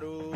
Claro.